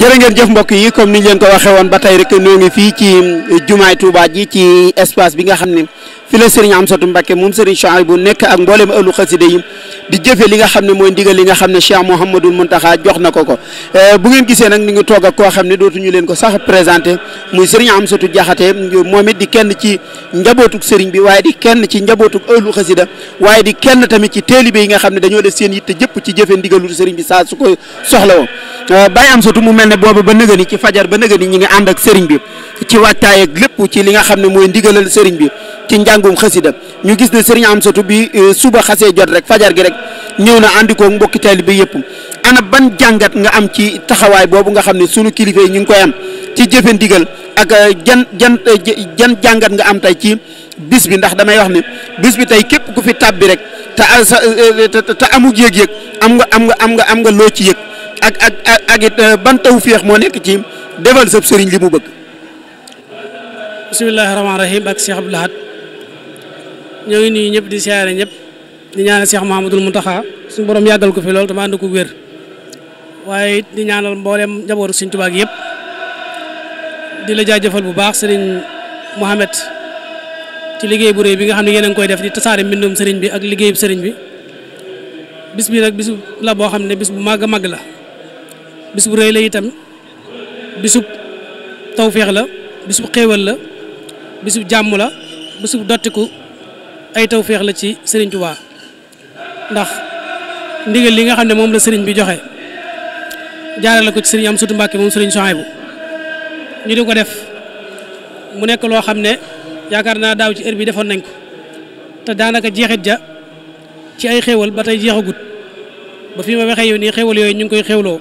jërë ngeen jëf mbokk yi comme ni ñu leen ko waxee woon ba tey rek ñoo ngi fii ci jumaay Touba ji ci espace bi nga xam ni fi la Serigne Amsatou Mbacke moom Serigne Chouaïbou nekk ak mboolem ëllu xaside yi di jëfe li nga xam ne mooy ndigal li nga xam ne Cheikh Mouhamadul Mountakha jox na ko ko eh, bu ngeen gisee nag ni ngi toog ak koo xam ne dootuñu leen ko sax présenté muy Serigne Amsatou Diakhaté moom it di kenn ci njabootug Serigne bi waaye di kenn ci njabootug ëllu xasida waaye di kenn tamit ci taalibe yi nga xam ne dañoo def seen yitte jëpp ci jëfe ndigalul Serigne bi saa su ko soxla woo eh, Baye Amsatou mu mel ne boobu ba nëgëni ci fajar ba nëgëni ñi ngi ànd ak Serigne bi ci waajtaay ak lépp ci li nga xam ne mooy ndigalal sëriñ bi ci njàngum xasida ñu gis ne sëriñ Amsatu bi euh, suba xasee jot rek fajar gi rek ñëw na àndi ko mbokki taalibe bi yëpp ana ban jàngat nga am ci taxawaay boobu nga xam ne sunu kilifa yi ñu ngi koy am ci jëfe ak euh, jan jan euh, jan jàngat nga am tey ci bis bi ndax damay wax ne bis bi tey képp ku fi tàbbi rek te te amug yëg-yëg am nga am nga am nga am nga loo ci yëg ak ak ak ban taw tawféex moo nekk ci defal sab sëriñ li mu bëgg. bisimilahi rahmaani rahim ak Cheikh Abdou Lahad ñoo ngi nuyu ñëpp di siyaare ñëpp di ñaanal Cheikh mu Mountakha suñu borom yàggal ko fi lool te ma ànd ko wér waaye di ñaanal mboolem njabootu Sëriñ Tuubaa gi yëpp di la jaajëfal bu baax sëriñ Mohamed ci liggéey bu réy bi nga xam ne yéen a koy def di tasaare mbindum sëriñ bi ak liggéey sëriñ bi bis bi bis la boo xam ne bis bu màgg a mag la bis bu réy la itam bisub tawféex la bisub xéewal la bisu jàmm la bisu dottiku ay taw feex la ci Serigne Touba ndax ndigal li nga xam ne moom la Serigne bi joxe la ko ci Serigne Amsatou Mbacké moom Serigne Souhaïbou ñu di ko def mu nekk loo xam ne yaakaar naa daaw ci heure bi defoon nañ ko te daanaka jeexit ja ci ay xéewal ba tey jeexagut ba fi ma waxee yow ni xéewal yooyu ñu ngi koy xéewloo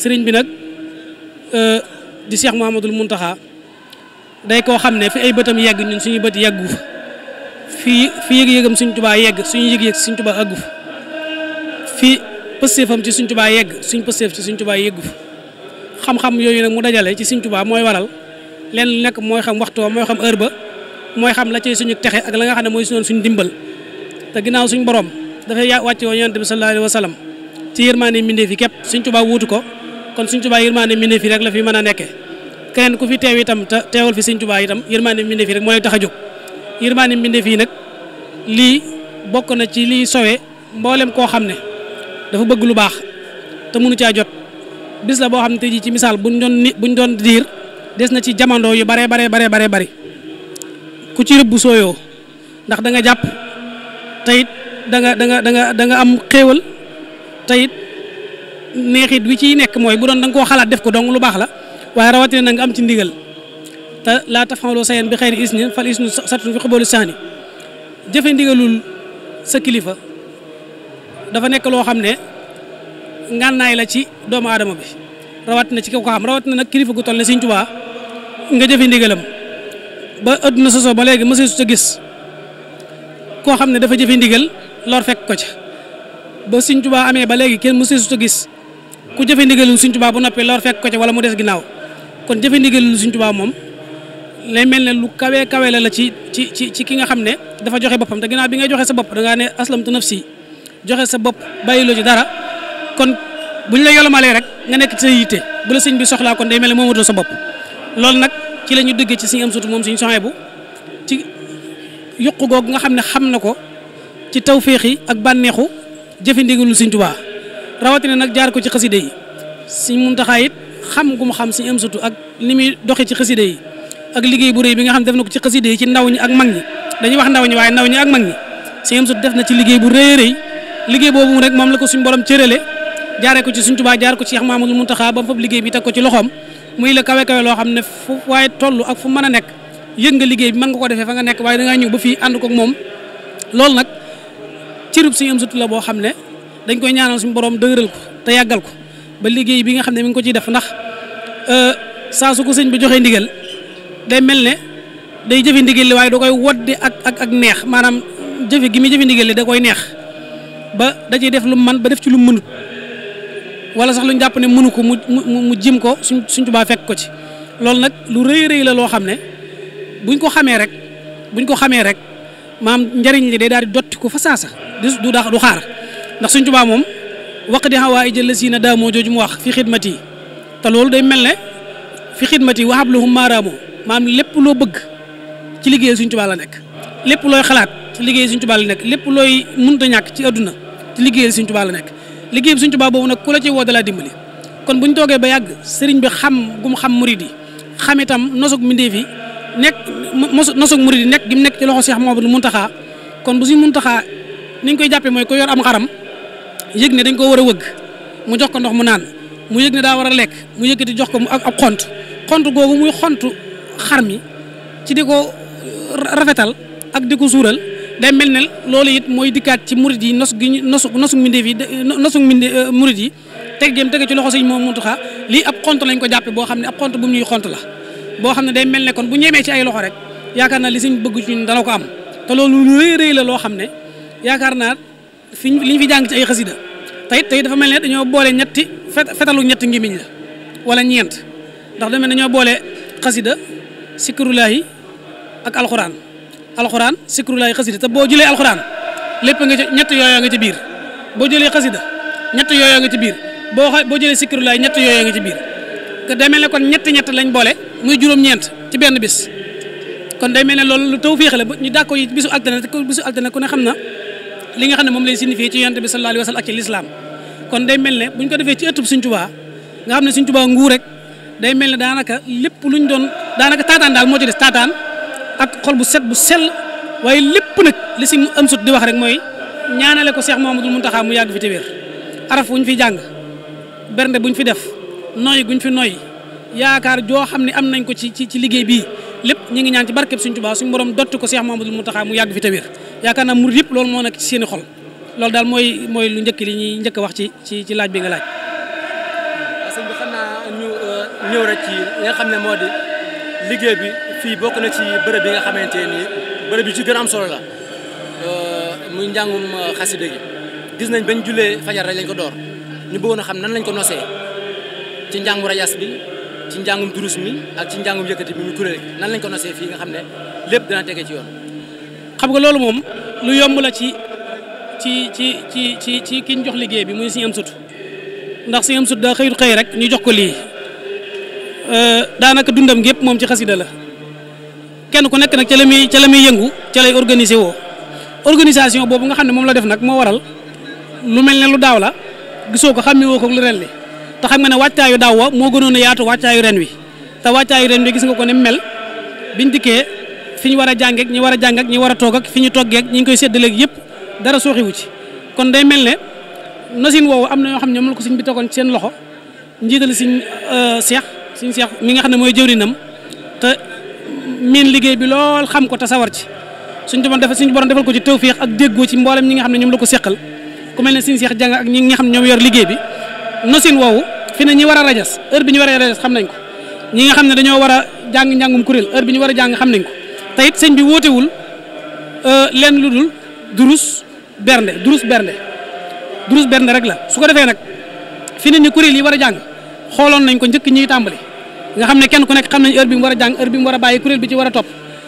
sëriñ bi nag euh, di Cheikh Mouhamadoul Mountakha. day koo xam ne fi ay bëtam yegg ñun suñu bët yeggu fa fii fi yëg-yëgam suñ tubaa yegg suñu yëg-yëg suñ tubaa àggu fa fii pëstéefam ci suñ tubaa yegg suñ pëstéef ci suñ tubaa yeggu xam-xam yooyu nag mu dajale ci suñ tubaa mooy waral leen nekk mooy xam waxtu mooy xam heure ba mooy xam la cay suñu texe ak la nga xam ne mooy suñu dimbal te ginnaaw suñu borom dafay wàcce woon yonent bi sallallahu alayhi wa sallam ci yërmaande mbindeef yi képp suñ tubaa wuutu ko kon suñ tubaa yërmaande mbindeef yi rek la fi mën a nekkee keneen ku fi teew itam te teewal fi sëñ Tuubaa itam yërmaande mbindéef yi rek moo lay tax a jóg yërmaande mbindéef yi nag lii bokk na ci lii sowe mboolem koo xam ne dafa bëgg lu baax te mënu caa jot bis la boo xam ne tey jii ci misaal bu doon ni buñ doon diir des na ci jamono yi baree baree baree baree bari ku ci rëbb sooyoo ndax da nga jàpp tayit danga nga danga danga da nga da nga am xéewal tayit neexit wi ciy nekk mooy bu doon da koo xalaat def ko dong lu baax la waaye rawatina na nga am ci ndigal te laa tafaloo sayen bi xëy na is ni fal is nu satun fi xubóolu saani jëfe ndigalul sa kilifa dafa nekk loo xam ne ngànnaay la ci doomu adama bi rawatina ci kaw ko xam rawatina nag kilifa gu toll ne Sëñ Tuubaa nga jëfe ndigalam ba sa sosoo ba léegi mësee su sa gis koo xam ne dafa jëfe ndigal lor fekk ko ca boo Sëñ Tuubaa amee ba léegi kenn mësee su sa gis ku jëfe ndigalul Sëñ Tuubaa bu noppee lor fekk ko ca wala mu des ginnaaw kon jëfe ndigal li Sëriñ Tuubaa moom lay mel ne lu kawee kawe la la ci ci ci ci ki nga xam ne dafa joxe boppam te ginnaaw bi ngay joxe sa bopp da ngaa ne aslamtu nafsi joxe sa bopp bàyyiloo ci dara kon buñ la yolomalee rek nga nekk ci sa yitte bu la sëñ bi soxla kon day mel ne moomatoo sa bopp lool nag ci la ñu dëggee ci suñu am moom suñu soxee bu ci yokku googu nga xam ne xam na ko ci tawféex yi ak bànneexu jëfe ndigalul Sëriñ Tuubaa rawatina nag jaar ko ci xaside yi Sëriñ xam gu mu xam si am sutu ak ni muy doxee ci xasida yi ak liggéey bu rëy bi nga xam def na ko ci xasida yi ci ndaw ñi ak mag ñi dañuy wax ndaw ñi waaye ndaw ñi ak mag ñi suñu am sutu na ci liggéey bu rëy rëy liggéey boobu rek moom la ko suñu borom cërale jaaree ko ci suñ tubaa jaar ko ci Cheikh Mamadou Mountakha ba bi teg ko ci loxoom loo xam ne fu waaye toll ak fu mën a nekk yëg nga liggéey bi mën nga defee fa nekk waaye ngaa ñëw ba fii ànd ko loolu nag cërub suñu am sutu la boo xam ne dañ koy ñaanal suñu borom dëgëral ko te yàggal ko ba liggéey bi nga xam ne mu ngi ko ciy def ndax euh, saa su ko sëñ bi joxee ndigal day mel ne day jëfe ndigal li waaye da koy woddi ak ak ak neex maanaam jëfe gi muy jëfe ndigal li da koy neex ba da ciy def lu man ba def ci lu mënut wala sax lu ñu jàpp ne mënu ko mu mu mu jim ko suñ suñ tubaa fekk ko ci loolu nag lu rëy rëy la loo xam ne buñ ko xamee rek buñ ko xamee rek maam njariñ li day daal di dotti ko fa saasa du du xaar ndax suñ tubaa moom di waqdi hawaaija lasiina daamoo jooju mu wax fi xidmati te loolu day mel ne fi xidmati wa habluhum maaraamoo maanaam lépp loo bëgg ci liggéey suñ Tuubaa nekk lépp looy xalaat ci liggéey Sëriñ Tuubaa la nekk lépp looy mënta ñàkk ci adduna ci liggéey Sëriñ Tuubaa la nekk liggéey Sëriñ Tuubaa boobu nag ku la ci woo dalaa dimbali kon bu ñu toogee ba yàgg sëriñ bi xam gum xam murid yi xam itam nosog mbindéef yi nekk nosog murid yi nekk gi mu nekk ci loxo Seex Mamadu Muntaxaa kon bu Sëriñ Muntaxaa ni ñu koy jàppee mooy ko yor am xaram yëg ne dañ koo war a wëgg mu jox ko ndox mu naan mu yëg ne daa war a lekk mu di jox ko mu ak ab xont xont googu muy xontu xar mi ci di ko rafetal ak di ko suural day mel ne loolu it mooy dikkaat ci murid yi nos gi nosu nosu mbindeef yi nosu mbinde euh, murid yi teg jéem tege ci loxo si moom xa lii ab xont lañ ko jàppe boo xam ne ab xont bu ñuy xont la boo xam ne day mel ne kon bu ñemee ci ay loxo rek yaakaar naa li sëñ bëgg ci ñun dana ko am te loolu la loo xam ne yaakaar naa fi li ñu fi jàng ci ay xasida tayit tayit dafa mel ne dañoo boole ñetti fetalu ñetti ngimiñ la wala ñeent ndax dafa mel ne dañoo boole xasida sikrulaahi ak alxuraan alxuraan sikrulaahi xasida te boo jëlee alxuraan lépp nga ci ñett yooyaa nga ci biir boo jëlee xasida ñett yooyaa nga ci biir boo xa boo jëlee sikrulaahi ñett yooyaa nga ci biir te day mel ne kon ñetti ñett lañ boole muy juróom-ñeent ci benn bis kon day mel ne loolu lu tawféex la ba ñu dàkko yi bisu altine bisu altine ku ne xam na li nga xam ne moom lay signifié ci yonent bi sallallahu alayhi wa sallam kon day mel ne buñ ko defee ci ëttub Sëñ Tuubaa nga xam ne Sëñ Tuubaa nguur rek day mel ne daanaka lépp luñ doon daanaka taataan daal moo ci des taataan ak xol bu set bu sell waaye lépp nag li si am di wax rek mooy ñaanale ko Cheikh Mouhamadoul Mountakha mu yàgg fi te wér araf ñu fi jàng bernde ñu fi def noy guñ fi noy yaakaar joo xam ne am nañ ko ci ci liggéey bii lépp ñu ngi ñaan ci barkeb Sëriñ Tuubaa suñu borom dotti ko Cheikh Mamadou Mountakha mu yàgg fi te wér yaakaar naa murid yëpp loolu moo nekk ci seen xol loolu daal mooy mooy lu njëkk li ñuy njëkk a wax ci ci ci laaj bi nga laaj. sëñ ñu euh, ñëw rek ci li nga xam ne moo di liggéey bi fii bokk na ci bi nga xamante ni bërëb bi ci gën a solo la euh, muy njàngum euh, xasida gis nañ bañ julee fajar lañ ko door ñu bëggoon a xam nan lañ ko nosee ci njàngu rajas bi ci njàngum durus mi ak ci njàngum yëkkati bi mu kuréel gi nan lañ ko see fii nga xam ne lépp dana tege ci yoon xam nga loolu moom lu yomb la ci ci ci ci ci ci ki ñu jox liggéey bi muy Sëñ Amsut ndax Sëñ Amsut daa xëyut xëy rek ñu jox ko lii euh, daanaka dundam gépp moom ci xasida la kenn ku nekk nag ca la muy ca la muy yëngu ca lay woo organisation boobu nga xam ne moom la def nag moo waral lu mel ne lu daaw la gisoo ko xam xàmmee woo ko lu ren li te xam nga ne wàccaayu daaw wa moo gënoon a yaatu wàccaayu ren wi te wàccaayu ren wi gis nga ko ni mel bi dikkee fi ñu war a jàngee ak war a jàng ñi war a toog ak fi ñu toggee ak ngi koy séddaleeg yëpp dara sooxiwu ci kon day mel ne nosin woowu am na ñoo xam ne ñoom la ko sëñ bi tegoon seen loxo njiital si seex sëñ euh, seex mi nga xam ne mooy jëwrinam te miin liggéey bi lool xam ko te sawar ci suñ doon defal suñu borom defal ko ci tawféex ak déggoo ci mboolem ñi nga xam ne ñoom la ko seqal ku mel ne sëñ seex jàng ak ñi nga xam ne ñoom yor liggéey bi nosin woowu fi nañ ñi war a rajas heure bi ñu war a rajas xam nañ ko ñi nga xam ne dañoo war a jàng njàngum kuréel heure bi ñu war a jàng xam nañ ko te it sëñ bi wóotewul euh, leen lu dul durus bernde durus bernde durus bernde rek la su ko defee nag fi ne ni kuréel yi war a jàng xooloon nañ ko njëkk ñuy tàmbali nga xam ne kenn ku nekk xam nañ heure bi mu war a jàng heure mu war a bàyyi kuréel bi ci war a topp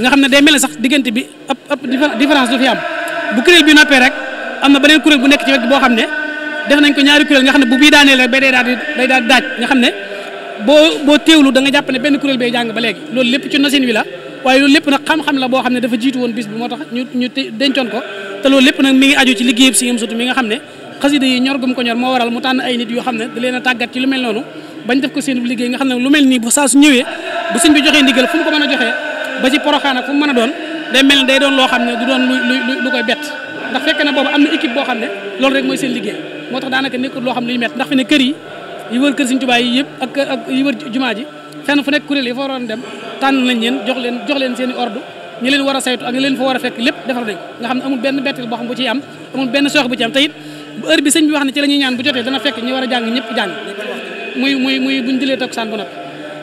nga xam ne day mel sax diggante bi ëpp ëpp différence du fi am bu kuréel bi noppee rek am na beneen kuréel bu nekk ci wet boo xam ne def nañ ko ñaari kuréel nga xam ne bu bii daaneel rek ba day daal di day daal di daaj nga xam ne boo boo teewlu da nga jàpp ne benn kuréel bay jàng ba léegi loolu lépp ci nosin la waaye loolu lépp nag xam-xam boo xam ne dafa jiitu woon bi moo tax ñu ñu dencoon ko te lépp nag mi ngi aju ci liggéeyub si yam sutu mi nga xam ne xasida yi ñor gum ko ñor moo waral mu tànn ay nit yoo xam ne da leen tàggat ci lu mel noonu bañ def ko seen liggéey nga xam ne lu mel nii bu saa su ñëwee bu sëñ bi joxee ndigal fu mu ko mën a joxee ba ci poroxaan ak fu mën a doon day mel ne day doon loo xam ne du doon lu lu ndax fekk na boobu am na équipe boo xam ne loolu rek mooy seen liggéey moo tax daanaka nekkul loo xam ne luy métti ndax fi ne kër yi yi wër kër Sëriñ Tuubaa yi yi wër jumaa ji fenn fu nekk kuréel yi leen jox leen jox leen seen i ordre leen war a saytu ak ñi leen fa war a fekk lépp defar nañ nga xam te it bu heure bi ñaan bu jotee dana a jàng ñëpp jàng muy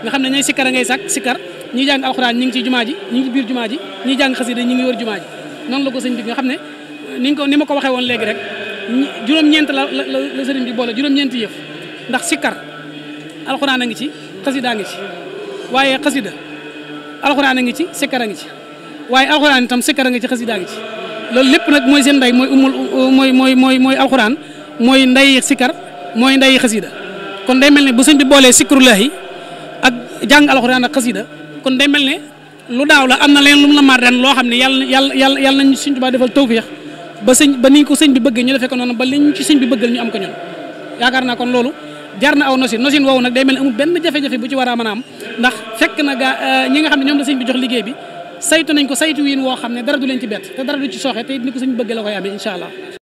a ngay sàkk sikkar ñi jàng alxuraan ñi ngi ci jumaa ji ñi ngi biir jumaa ji ñi jàng ngi wër jumaa ji noonu la ko sëñ bi nga xam ne ni ko ni ma ko waxee woon léegi rek juróom-ñeent la la la sëriñ bi boole juróom-ñeent yëf ndax sikkar alxuraan a ngi ci xasida ngi ci waaye xasida alxuraan a ngi ci sikkar a ngi ci waaye alxuraan tam sikkar a ngi ci xasida a ngi ci loolu lépp nag mooy seen ndey mooy umul mooy mooy mooy mooy alxuraan mooy ndey sikkar mooy ndey xasida kon day mel ne bu sëñ bi boolee sikrullahi ak jàng alxuraan ak xasida kon day mel ne lu daaw la am na leen lu mu la maar ren loo xam ne yal yàlla yàlla nañu suñ Tuubaa defal tawfeex ba sëñ ba niñ ko sëñ bi bëggee ñu defee ko noonu ba liñ ci sëñ bi bëggal ñu am ko ñun yaakaar naa kon loolu jar na aw nosin nosin woowu nag day mel ne amul benn jafe-jafe bu ci war a am ndax fekk na gaa euh, ñi nga xam ne ñoom la sëñ bi jox liggéey bi saytu nañ ko saytu wiin woo xam ne dara du leen ci bett te dara du ci sooxe te it ni ko bi bëgg la koy amee incha allah